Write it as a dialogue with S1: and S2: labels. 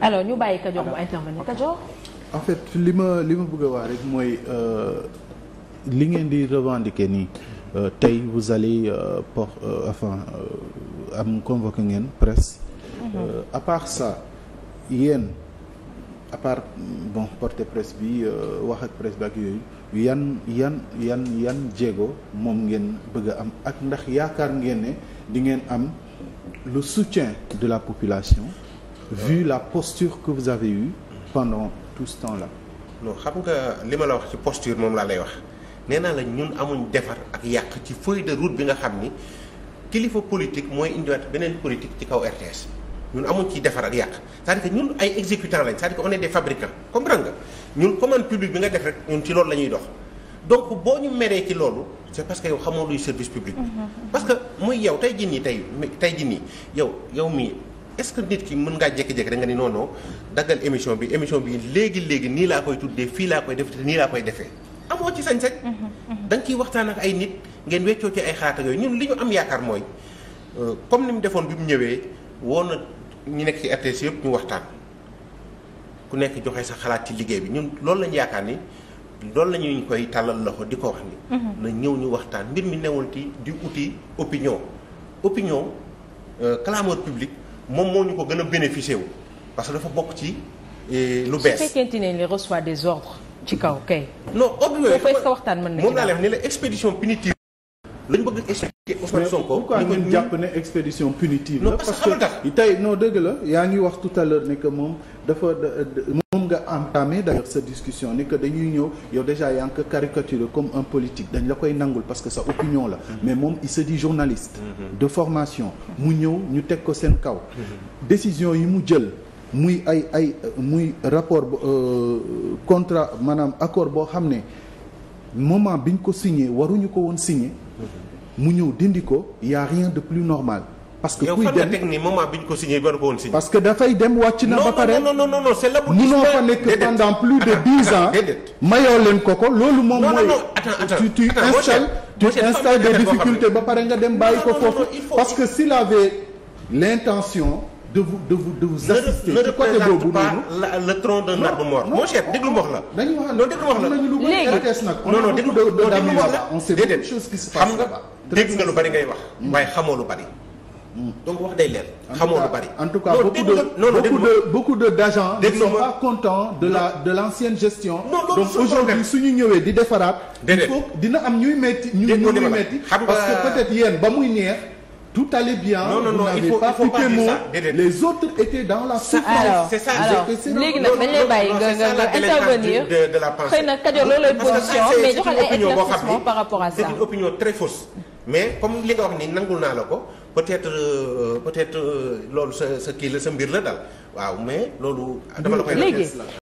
S1: alors ñu bàyyi Kajoor ah, mu intervenir Kajoor.
S2: en fait li ma li ma bëgg a wax rek mooy euh, li ngeen di revendiquer nii euh, tey vous allez euh, pour enfin am convoqué ngeen presse. Mhm. à part ça yéen à part bon porte presse bi wax ak presse yooyu. yan yan yan yan jéego moom ngeen bëgg a am ak ndax yaakaar ngeen ne di ngeen am le soutien de la population. vu la posture que vous avez eue pendant tout ce temps-là. non xam nga li
S1: ma la wax ci posture moom laa lay wax nee naa la ñun amuñ defar ak yàq ci feuille de route bi nga xam ni kilifa politique mooy indiwaat beneen politique ci kaw RTS ñun amuñ ciy defar ak yàq c'est-à-dire ñun ay exécutants lañ c'est-à-dire que on est des nga ñun commande publique bi nga def rek ñun ci loolu la ñuy dox. donc boo ñu meree ci loolu c'est parce que yow xamoo luy service public. Mm-hmm. parce que muy yow tey jii nii tey tey jii nii yow yow mii. est-ce que nit ki mën ngaa jékki-jékki rek nga ni non non daggal émission bi émission bi léegi léegi nii laa koy tuddee fii laa koy def te nii laa koy defee amoo ci sañ-sañ. Mm-hmm, mm-hmm. da nga waxtaan ak ay nit ngeen weccoo ci ay xaata yooyu ñun li ñu am yaakaar mooy euh, comme ni mu defoon bi mu ñëwee woon na ñu nekk ci RTS yëpp ñu waxtaan ku nekk joxe sa xalaat ci liggéey bi ñun loolu lañu yaakaar ni. loolu la ñuy koy tàllal loxo di ko wax ni mm-hmm. na ñëw ñu waxtaan mbir mi newul ti di uti opinion opinion euh, clameur publique moom moo ñu ko gën a bénéficier wu parce que dafa bokk ci eh, lu bees. su
S2: fekkente ne il reçoit des ordres ci kaw kay.
S1: non ordre yooyu waxtaan mën na moom laa leen ne la expédition punitive. lañu bëgg expliquer Ousmane Sonko. pourquoi ñu jàpp
S2: ne expédition punitive la. parce que tey noo dégg la yaa ngi wax tout à l'heure ne que moom dafa. moom nga entamé d'ailleurs sa discussion ni que dañuy ñëw yow déjà yaa ngi comme un politique dañ la koy nangul parce que sa opinion la mm-hmm. mais moom il se dit journaliste mm-hmm. de formation mu ñëw ñu teg ko seen kaw mm-hmm. décision yi mu jël muy ay ay muy rapport euh, contrat maanaam accord boo xam ne moment biñ ko signé waruñu ko woon signé mu ñëw dindi ko y rien de plus normal parce que kuy dem yow fan nga teg
S1: ni moment
S2: dafay dem wàcc na. ba pare non non fa nekk pendant plus de dix ans. mayoo leen ko ko loolu moom. non parce que s'il avait l'intention de vous de vous de vous assister. boobu ma wax la. dañu wax non déglu ma wax la wax la. déedéet xam lu bari ngay wax. Hmm. waaye xamoo lu bari. donc wax day leer. xamoo lu bari. en tout cas beaucoup de beaucoup de beaucoup de d'agents. ne sont pas contents de de l'ancienne gestion. donc aujourd'hui su ñu ñëwee di defaraat. dina am ñuy metti ñu ñuy metti parce que peut-être yéen ba muy neex. tout allait bien. non non non pas piqué mot les autres étaient dans la souffrance. c'est ça alors
S1: léegi nag dañ nga nga intervenir xëy na Kajoor loolu lay position mais joxal ay éclaircissement par rapport à ça. c'est une opinion mais comme li nga wax ni nangul naa la ko. peut-être euh, peut-être euh, loolu sa sa kii la sa mbir la daal waaw mais loolu. dama la koy léegi